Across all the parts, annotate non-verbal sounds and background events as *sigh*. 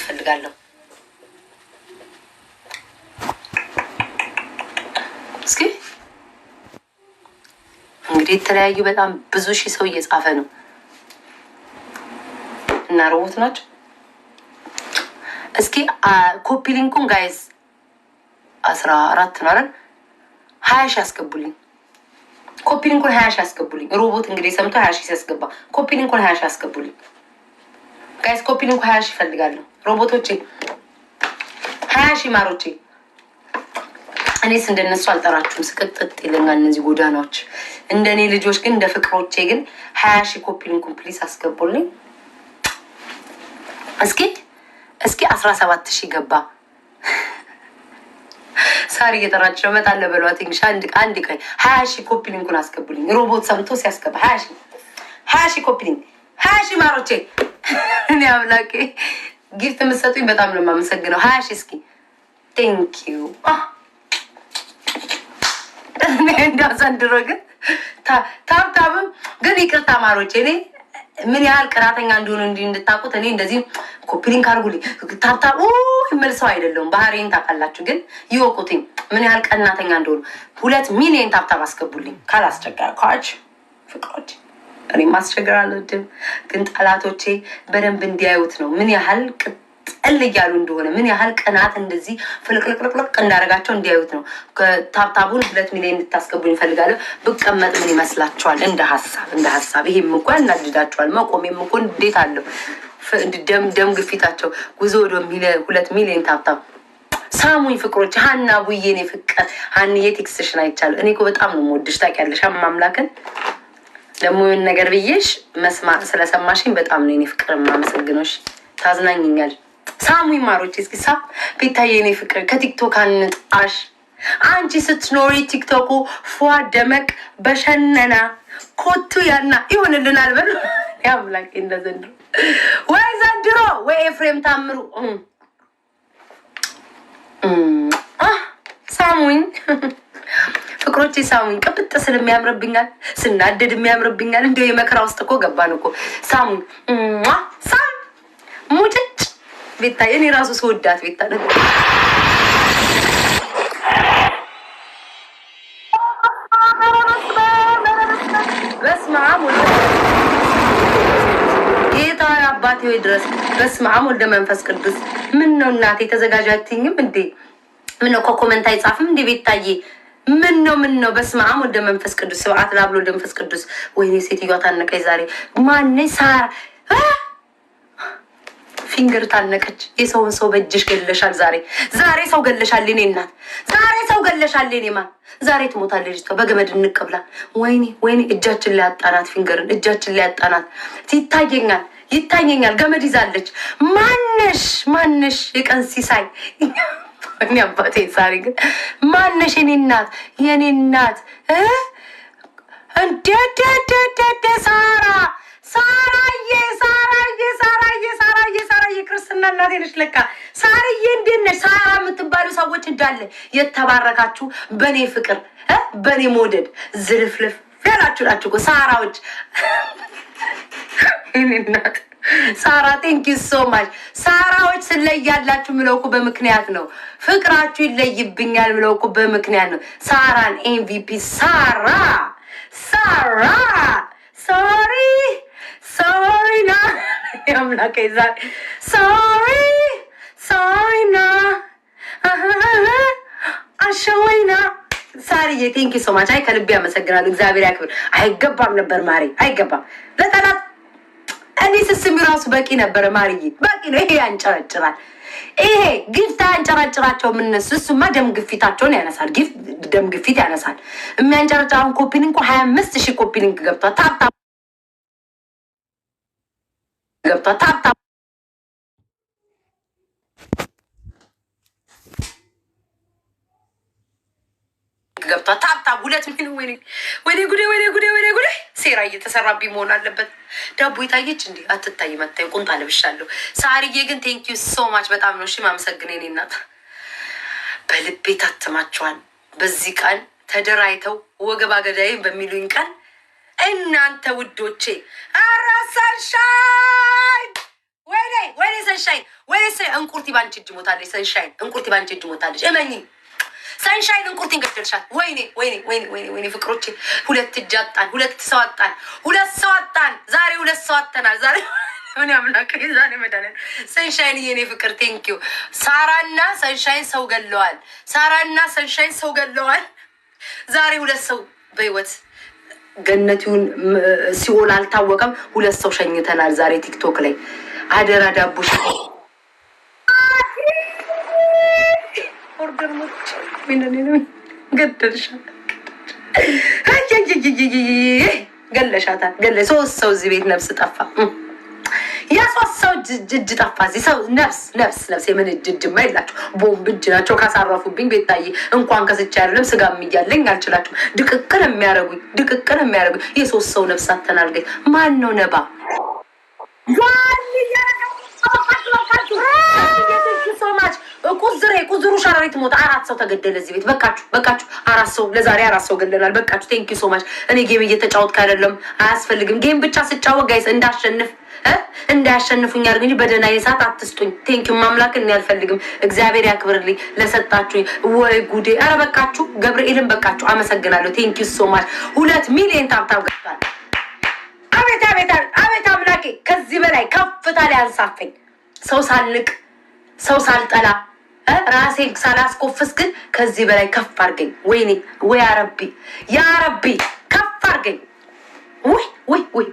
ትፈልጋለሁ። እስኪ እንግዲህ የተለያዩ በጣም ብዙ ሺህ ሰው እየጻፈ ነው እና ሮቦት ናቸው። እስኪ ኮፒ ሊንኩን ጋይዝ አስራ አራት ነው አይደል? ሀያ ሺህ አስገቡልኝ። ኮፒ ሊንኩን ሀያ ሺህ አስገቡልኝ። ሮቦት እንግዲህ ሰምቶ ሀያ ሺህ ሲያስገባ ኮፒ ሊንኩን ሀያ ሺህ አስገቡልኝ ጋይዝ። ኮፒ ሊንኩን ሀያ ሺህ ይፈልጋለሁ። ሮቦቶቼ፣ ሀያ ሺ ማሮቼ። እኔስ እንደነሱ አልጠራችሁም። ስቅጥጥ ይለኛል እነዚህ ጎዳናዎች። እንደኔ ልጆች ግን እንደ ፍቅሮቼ ግን ሀያ ሺህ ኮፒ ሊንኩን ፕሊስ አስገቡልኝ። እስኪ እስኪ አስራ ሰባት ሺህ ገባ። ሳሪ እየጠራች ነው። እመጣለሁ በሏት። እንግዲህ አንድ አንድ ቀን ሀያ ሺህ ኮፒ ሊንኩን አስገቡልኝ። ሮቦት ሰምቶ ሲያስገባ ሀያ ሺህ ሀያ ሺህ ኮፒ ሊንክ ሀያ ሺህ ማሮቼ እኔ አምላኬ ጊፍት የምትሰጡኝ በጣም ነው የማመሰግነው። ሀያ ሺህ እስኪ ቴንክ ዩ። እንዳው ዘንድሮ ግን ታብታብም ግን ይቅርታ ማሮች እኔ ምን ያህል ቅናተኛ እንደሆኑ እንዲህ እንድታውቁት እኔ እንደዚህ ኮፒሊንክ አድርጉልኝ ታብታብ ይመልሰው አይደለሁም። ባህሬን ታውቃላችሁ፣ ግን ይወቁትኝ ምን ያህል ቀናተኛ እንደሆኑ። ሁለት ሚሊዮን ታብታብ አስገቡልኝ ካላስቸጋር ካች ፍቅሮች እኔ ማስቸገር አልወድም፣ ግን ጠላቶቼ በደንብ እንዲያዩት ነው ምን ያህል ቅጥል እያሉ እንደሆነ ምን ያህል ቀናት እንደዚህ ፍልቅልቅልቅልቅ እንዳደረጋቸው እንዲያዩት ነው። ታብታቡን ሁለት ሚሊዮን እንድታስገቡ ይፈልጋለሁ። ብቀመጥ ምን ይመስላችኋል? እንደ ሀሳብ እንደ ሀሳብ ይሄም እንኳ እናድዳችኋል። መቆሜም እኮ እንዴት አለው ደም ደም ግፊታቸው ጉዞ ወደ ሁለት ሚሊዮን ታብታብ ሳሙኝ ፍቅሮች ሀና ቡዬን የፍቅር ሀንዬ የቴክስሽን አይቻለሁ። እኔ እኮ በጣም ነው የምወድሽ ታውቂያለሽ አማምላክን ደግሞ ይሁን ነገር ብዬሽ መስማ ስለሰማሽኝ በጣም ነው የኔ ፍቅር ማመሰግኖሽ። ታዝናኝኛል። ሳሙ ይማሮች እስኪ ሳ ቤታዬ የኔ ፍቅር ከቲክቶክ አንጣሽ አንቺ ስትኖሪ ቲክቶኩ ፏ ደመቅ በሸነና ኮቱ ያና ይሆንልናል። በሉ ያምላክ እንደ ዘንድሮ ወይ ዘንድሮ ወይ ኤፍሬም ታምሩ ሳሙኝ ፍቅሮቼ ሳሙኝ። ቅብጥ ስል የሚያምርብኛል፣ ስናደድ የሚያምርብኛል። እንዲያው የመከራ ውስጥ እኮ ገባን እኮ ሳሙኝ። ሳም ሙጭጭ ቤታ፣ እኔ ራሱ ስወዳት ቤታ ጌታ አባቴ ወይ ድረስ በስመ አብ ወልደ መንፈስ ቅዱስ። ምን ነው እናቴ ተዘጋጃትኝም እንዴ? ምን ነው ኮኮመንት አይጻፍም እንዴ ቤታዬ? ምን ነው ምን ነው? በስመ አብ ወደ መንፈስ ቅዱስ ስብዓት ላብሎ ወደ መንፈስ ቅዱስ። ወይኔ ሴትዮዋ ታነቀች ዛሬ። ማነ ሳራ ፊንገር ታነቀች። የሰውን ሰው በእጅሽ ገለሻል ዛሬ። ዛሬ ሰው ገለሻል የኔ እናት። ዛሬ ሰው ገለሻል የኔ ማ ዛሬ ትሞታል ልጅቷ በገመድ እንቀብላ። ወይኔ ወይኔ፣ እጃችን ላይ አጣናት። ፊንገርን እጃችን ላይ አጣናት። ይታየኛል ይታየኛል። ገመድ ይዛለች። ማነሽ ማነሽ የቀን ሲሳይ እኔ አባቴ ዛሬ ግን ማነሽ? የኔ እናት የኔ እናት እንዴዴዴዴ ሳራ ሳራዬ ሳራዬ ሳራዬ ሳራዬ ሳራዬ ክርስትና እናቴ ነሽ ለካ ሳርዬ፣ እንዴት ነሽ? ሳራ የምትባሉ ሰዎች እንዳለ የተባረካችሁ በእኔ ፍቅር በእኔ መውደድ ዝልፍልፍ ያላችሁ ናችሁ ሳራዎች የኔ እናት ሳራ ቴንክ ሶ ማች ሳራዎች ስለያላችሁ ምለው እኮ በምክንያት ነው። ፍቅራችሁ ይለይብኛል ምለው እኮ በምክንያት ነው። ሳራን ኤምቪፒ ሳራ ሳራ ሶሪ ሶሪ ና አምላከ ዛ ሶሪ ሶሪ ና አሸወይና ሳርዬ ቴንክ ሶ ማች። አይ ከልቤ ያመሰግናል። እግዚአብሔር ያክብር። አይገባም ነበር ማሪ አይገባም ለጠላት እኔ ስስሚ ራሱ በቂ ነበረ። ማርዬ በቂ ነው። ይሄ ያንጨረጭራል። ይሄ ግፍት ያንጨረጭራቸው የምነሱ እሱማ ደም ግፊታቸውን ያነሳል። ደም ግፊት ያነሳል። የሚያንጨረጭራውን ኮፒሊንግ ሀያ አምስት ሺህ ኮፒሊንግ ገብቷል። ታታ ገብቷል። ታታ ገብቷል። ሁለት ምን ወይኔ ወይኔ ጉዴ ወይኔ ጉዴ ወይኔ ጉዴ ሴራ እየተሰራብኝ መሆን አለበት። ዳቦ ይታየች እንዲ አትታይ መታዩ ቁንጣ ለብሻለሁ። ሳርዬ ግን ቴንክ ዩ ሶ ማች በጣም ነው እሺ አመሰግን የኔ እናት። በልቤ ታትማችኋል። በዚህ ቀን ተደራይተው ወገባ ገዳይን በሚሉኝ ቀን እናንተ ውዶቼ አራ ሰንሻይን ወይኔ ወይኔ ሰንሻይን ወይኔ እንቁርቲ ባንቺ እጅ ሞታለች። ሰንሻይን እንቁርቲ ባንቺ እጅ ሞታለች። እመኚ ሳንሻይን እንቁርት ይንገደልሻል። ወይኔ ወይኔ ወይኔ ወይኔ ወይኔ ፍቅሮች፣ ሁለት እጅ አጣን፣ ሁለት ሰው አጣን፣ ሁለት ሰው አጣን። ዛሬ ሁለት ሰው አጥተናል። ዛሬ ምን አምላክ ዛሬ መዳለን። ሳንሻይን የኔ ፍቅር ቴንኪዩ። ሳራና ሳንሻይን ሰው ገለዋል። ሳራና ሳንሻይን ሰው ገለዋል። ዛሬ ሁለት ሰው በህይወት ገነቲውን ሲኦል አልታወቀም። ሁለት ሰው ሸኝተናል ዛሬ ቲክቶክ ላይ አደራ ዳቦሽ ገለሻታል። ገለ ሶስት ሰው እዚህ ቤት ነፍስ ጠፋ። የሶስት ሰው እጅ ጠፋ። እዚህ ሰው ነፍስ ነፍስ ነፍስ የምን እጅ ቦምብ እጅ ናቸው ካሳረፉብኝ። እንኳን አይደለም ስጋ እያለኝ አልችላቸው። ድቅቅን የሚያደርጉኝ ድቅቅን የሶስት ሰው ነፍስ አተናልገኝ ማን ነው ነባ ቁዝር ቁዝሩ ሸራሪት ሞት አራት ሰው ተገደለ እዚህ ቤት። በቃችሁ በቃችሁ፣ አራት ሰው ለዛሬ አራት ሰው ገለናል። በቃችሁ። ቴንኪ ሶ ማች። እኔ ጌም እየተጫወትኩ አይደለም፣ አያስፈልግም። ጌም ብቻ ስጫወት ጋይስ እንዳሸንፍ እንዳያሸንፉኝ አድርግ እንጂ በደህና የሰዓት አትስጡኝ። ቴንኪው ማምላክ እኔ አልፈልግም። እግዚአብሔር ያክብርልኝ ለሰጣችሁኝ። ወይ ጉዴ! አረ በቃችሁ፣ ገብርኤልን በቃችሁ። አመሰግናለሁ። ቴንኪ ሶ ማች። ሁለት ሚሊዮን ታብታብ ገብቷል። አቤት አቤት አቤት አምላኬ፣ ከዚህ በላይ ከፍታ ላይ አንሳፈኝ። ሰው ሳልንቅ ሰው ሳልጠላ ራሴ ሳላስኮፍስ ግን ከዚህ በላይ ከፍ አድርገኝ። ወይኔ ወይ አረቢ፣ ያ ከፍ አድርገኝ። ወይ ወይ ወይ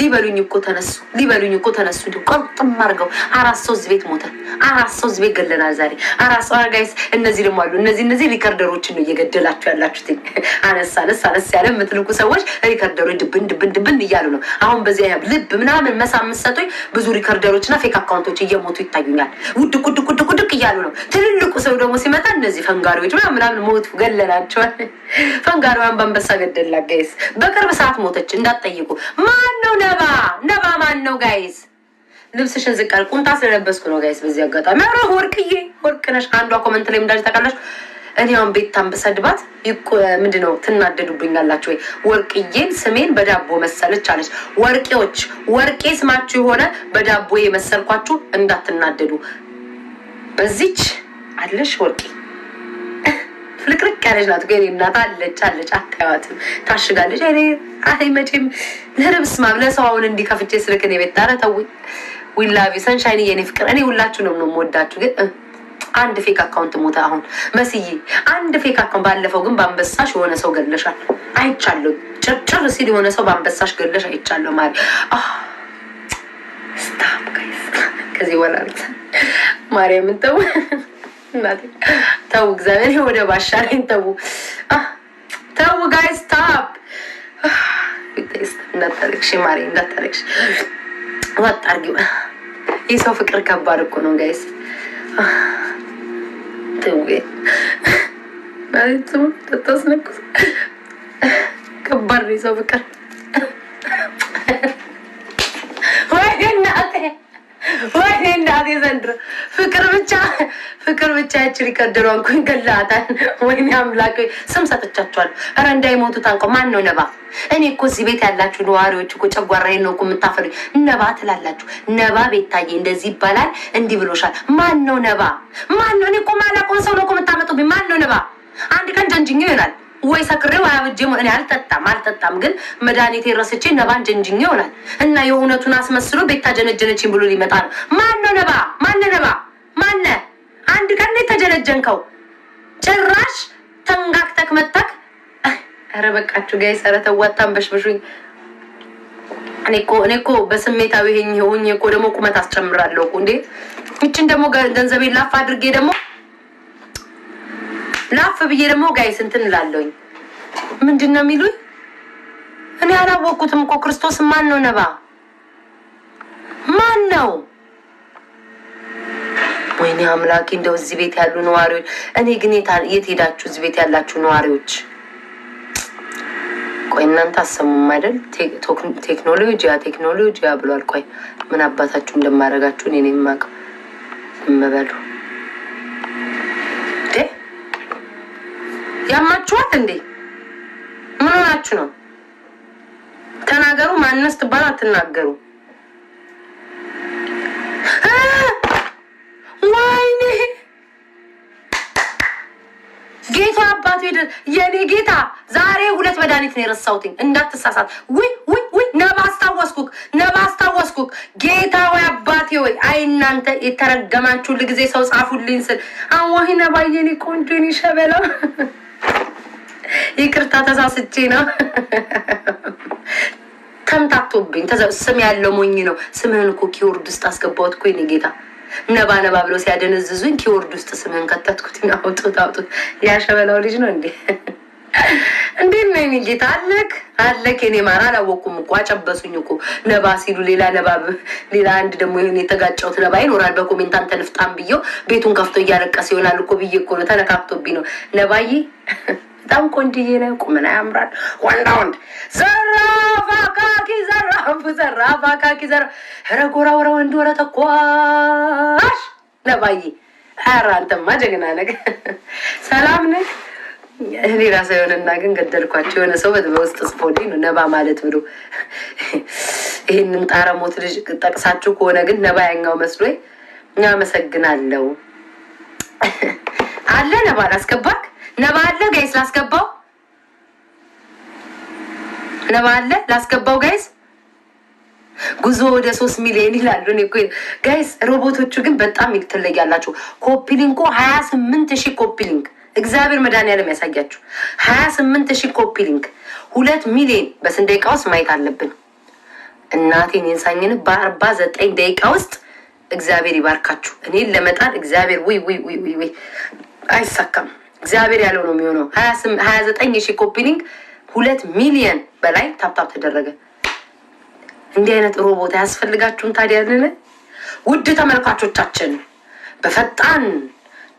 ሊበሉኝ እኮ ተነሱ፣ ሊበሉኝ እኮ ተነሱ። እንዲ ቆርጥም አድርገው አራት ሰው እዚህ ቤት ሞተ፣ አራት ሰው እዚህ ቤት ገለናል ዛሬ አራት ሰው አጋይስ። እነዚህ ደግሞ አሉ እነዚህ እነዚህ ሪከርደሮችን ነው እየገደላችሁ ያላችሁት። አነስ አነስ አነስ ያለ የምትልኩ ሰዎች ሪከርደሮች ድብን ድብን ድብን እያሉ ነው አሁን። በዚህ ልብ ምናምን መሳ የምትሰጡኝ ብዙ ሪከርደሮች እና ፌክ አካውንቶች እየሞቱ ይታዩኛል። ውድቅ ውድቅ ውድቅ ውድቅ እያሉ ነው። ትልልቁ ሰው ደግሞ ሲመጣ እነዚህ ፈንጋሪዎች ምናምን ሞቱ፣ ገለናቸዋል። ፈንጋሪዋን በአንበሳ ገደላ ጋይስ። በቅርብ ሰዓት ሞተች እንዳትጠይቁ ማን ነው ነባ ነባ ማን ነው ጋይዝ? ልብስሽን ዝቅ አል ቁምጣ ስለለበስኩ ነው ጋይስ። በዚህ አጋጣሚ ኧረ ወርቅዬ ወርቅ ነሽ። አንዷ ኮመንት ላይ እንዳለች ታውቃለች። እኔ አሁን ቤታን ብሰድባት ምንድን ነው ትናደዱብኝ ወይ? ወርቅዬን ስሜን በዳቦ መሰለች አለች። ወርቄዎች ወርቄ ስማችሁ የሆነ በዳቦ የመሰልኳችሁ እንዳትናደዱ። በዚች አለሽ ወርቄ ፍልቅልቅ ያለች ናት። ግን እናት አለች አለች አታዋትም ታሽጋለች። እኔ አይ መቼም ንርብስ ማብ ለሰው አሁን እንዲከፍቼ ስልክ እኔ ቤት ዊላቪ ሰንሻይን የኔ ፍቅር፣ እኔ ሁላችሁንም ነው የምወዳችሁ። ግን አንድ ፌክ አካውንት ሞተ። አሁን መስዬ አንድ ፌክ አካውንት ባለፈው ግን በአንበሳሽ የሆነ ሰው ገለሻል አይቻለሁ። ጭርጭር ሲል የሆነ ሰው በአንበሳሽ ገለሽ አይቻለሁ። ማሪ ስታፕ ከዚህ ወላንተ ማርያምን ተው። እናቴ ተው፣ እግዚአብሔር ወደ ባሻለኝ ተው፣ ተው ጋይስ ታፕ እንዳታረግሽ ማሪ እንዳታረግሽ፣ ወጣ አርጊ። ይህ ሰው ፍቅር ከባድ እኮ ነው ጋይስ። ተው ማለት ተታስነኩ ከባድ ነው የሰው ፍቅር ወይ እናቴ ዘንድሮ ፍቅር ብቻ ፍቅር ብቻ ያችን ይቀድሯ እንኩኝ ወይኔ አምላክ ስም ሰጥቻቸዋል። ኧረ እንዳይሞቱ ታንቆ ማን ነው ነባ? እኔ እኮ እዚህ ቤት ያላችሁ ነዋሪዎች እኮ ጨጓራዬን ነው እኮ ነባ ትላላችሁ። ነባ ቤታዬ እንደዚህ ይባላል፣ እንዲህ ብሎሻል። ማን ነው ነባ? ማን ነው? እኔ እኮ ማላውቀውን ሰው ነው እኮ የምታመጡብኝ። ማን ነው ነባ? አንድ ቀን ጀንጅኛው ይሆናል ወይ ሰክሬው አያብጄ እኔ አልጠጣም አልጠጣም፣ ግን መድኃኒቴ ረስቼ ነባን ጀንጅኝ ይሆናል እና የእውነቱን አስመስሎ ቤታ ጀነጀነችኝ ብሎ ሊመጣ ነው። ማነ ነባ ማነ ነባ ማነ አንድ ቀን እንዴት ተጀነጀንከው? ጭራሽ ተንጋክተክ መጣክ። ኧረ በቃችሁ ጋይ ሰረተ ወጣን በሽብሹኝ። እኔኮ እኔኮ በስሜታዊ ሆኜ እኮ ደግሞ ቁመት አስጨምራለሁ እንዴ። ይችን ደግሞ ገንዘቤን ላፍ አድርጌ ደግሞ ላፍ ብዬ ደግሞ ጋይስ ስንት እላለሁኝ። ምንድን ነው የሚሉኝ? እኔ አላወቅኩትም እኮ ክርስቶስ ማን ነው? ነባ ማን ነው? ወይኔ አምላኬ፣ እንደው እዚህ ቤት ያሉ ነዋሪዎች፣ እኔ ግን የት ሄዳችሁ? እዚህ ቤት ያላችሁ ነዋሪዎች፣ ቆይ እናንተ አሰሙም አይደል? ቴክኖሎጂ ቴክኖሎጂ ብሏል። ቆይ ምን አባታችሁ እንደማደርጋችሁ እኔ የማውቀው። ዝም በሉ። ያማችኋት እንዴ? ምን ሆናችሁ ነው? ተናገሩ። ማነስ ትባል አትናገሩ። ወይኔ ጌታ አባቱ የኔ ጌታ ዛሬ ሁለት መድኃኒት ነው የረሳሁትኝ። እንዳትሳሳት። ውይ ውይ ውይ፣ ነባ አስታወስኩክ፣ ነባ አስታወስኩክ። ጌታ ወይ አባቴ ወይ፣ አይ እናንተ የተረገማችሁ ልጊዜ ሰው ጻፉልኝ ስል አዋሂ ነባ የኔ ቆንጆ የኔ ሸበላ ይቅርታ ተሳስቼ ነው። ተምታቶብኝ ስም ያለው ሞኝ ነው። ስምህን እኮ ኪወርድ ውስጥ አስገባሁት እኮ የእኔ ጌታ ነባ ነባ ብለው ሲያደነዝዙኝ ኪወርድ ውስጥ ስምህን ከተትኩት። አውጡት አውጡት። ያሸበላው ልጅ ነው እንዴ? እንዴት ነው የእኔ ጌታ? አለክ አለክ የኔ ማራ አላወቅኩም እኮ አጨበሱኝ እኮ ነባ ሲሉ ሌላ ነባ ሌላ አንድ ደግሞ ይሁን የተጋጨሁት ነባ ይኖራል። በኮሜንታን ተንፍጣም ብየው ቤቱን ከፍቶ እያለቀሰ ይሆናል እኮ ብዬ እኮ ነው። ተነካክቶብኝ ነው ነባዬ በጣም ቆንጅዬ ነው። ቁምና ያምራል። ወንዳ ወንድ ዘራፍ አካኪ ዘራፍ ዘራፍ አካኪ ዘራፍ ኧረ ወረ ወንድ ወረ ተኳሽ ነባዬ ኧረ አንተማ ጀግና ነገ ሰላም ነህ? እኔ ራሳ የሆነና ግን ገደልኳቸው። የሆነ ሰው በውስጥ ጽፎልኝ ነው ነባ ማለት ብሎ ይህንን ጣረሞት ልጅ ጠቅሳችሁ ከሆነ ግን ነባ ያኛው መስሎኝ። አመሰግናለሁ። አለ ነባ አላስገባክ ነባ አለ ጋይስ ላስገባው። ነባ ላስገባው ጋይስ ጉዞ ወደ ሶስት ሚሊዮን ይላሉ። ጋይስ ሮቦቶቹ ግን በጣም ትለያላችሁ። ኮፒሊንኮ ሀያ ስምንት ሺህ ኮፒሊንክ እግዚአብሔር መድኃኒዓለም ያሳያችሁ። ሀያ ስምንት ሺህ ኮፒሊንክ ሁለት ሚሊዮን በስንት ደቂቃ ውስጥ ማየት አለብን? እናቴን የንሳኝን በአርባ ዘጠኝ ደቂቃ ውስጥ እግዚአብሔር ይባርካችሁ። እኔን ለመጣል እግዚአብሔር ውይ ውይ ውይ ውይ አይሳካም። እግዚአብሔር ያለው ነው የሚሆነው። ሀያ ዘጠኝ ሺህ ኮፒሊንግ ሁለት ሚሊየን በላይ ታፕታፕ ተደረገ። እንዲህ አይነት ሮቦት አያስፈልጋችሁም ታዲያ? ውድ ተመልካቾቻችን በፈጣን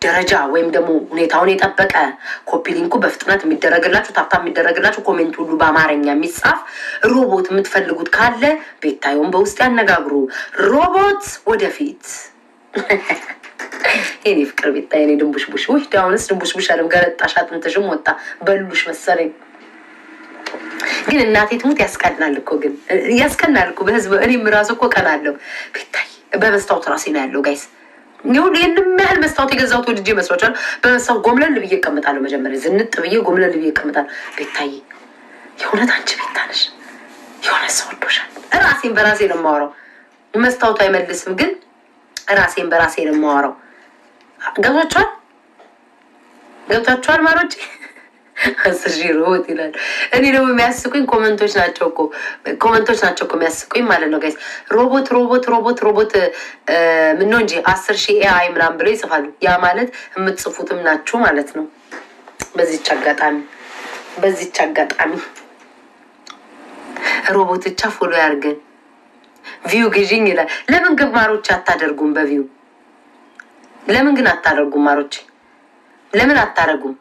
ደረጃ ወይም ደግሞ ሁኔታውን የጠበቀ ኮፒሊንኩ በፍጥነት የሚደረግላችሁ ታፕታ የሚደረግላችሁ ኮሜንት ሁሉ በአማርኛ የሚጻፍ ሮቦት የምትፈልጉት ካለ ቤታየውን በውስጥ ያነጋግሩ። ሮቦት ወደፊት *laughs* የኔ ፍቅር ቤታ የኔ ድንቡሽቡሽ ውይ ዳሁንስ ድንቡሽቡሽ አለም ገረጣሽ አጥንትሽም ወጣ በሉሽ መሰለኝ። ግን እናቴ ትሙት ያስቀናል እኮ ግን ያስቀናል እኮ በህዝብ እኔም ራሱ እኮ ቀናለሁ። ቤታይ በመስታወት ራሴ ነው ያለው ጋይስ ይሁን ይህንም ያህል መስታወት የገዛሁት ወድጄ መስሏቸዋል። በመስታወት ጎምለል ብዬ እቀምጣለሁ። መጀመሪያ ዝንጥ ብዬ ጎምለል ብዬ እቀምጣለሁ። ቤታይ የእውነት አንቺ ቤታነሽ የሆነ ሰው ወዶሻል። ራሴን በራሴ ነው የማወራው። መስታወቱ አይመልስም፣ ግን ራሴን በራሴ ነው የማወራው። ገብታችኋል? ገብታችኋል? ማሮቼ አስር ሺህ ሮቦት ይላል። እኔ ደግሞ የሚያስቁኝ ኮመንቶች ናቸው እኮ ኮመንቶች ናቸው እኮ የሚያስቁኝ ማለት ነው ጋይስ። ሮቦት ሮቦት ሮቦት ሮቦት ምነው እንጂ አስር ሺህ ኤአይ ምናምን ብለው ይጽፋሉ። ያ ማለት የምትጽፉትም ናችሁ ማለት ነው። በዚች አጋጣሚ በዚች አጋጣሚ ሮቦት ብቻ ፎሎ ያርገን ቪው ግዥኝ ይላል። ለምን ግማሮች አታደርጉም በቪው ለምን ግን አታደርጉም? ማሮች ለምን አታደርጉም?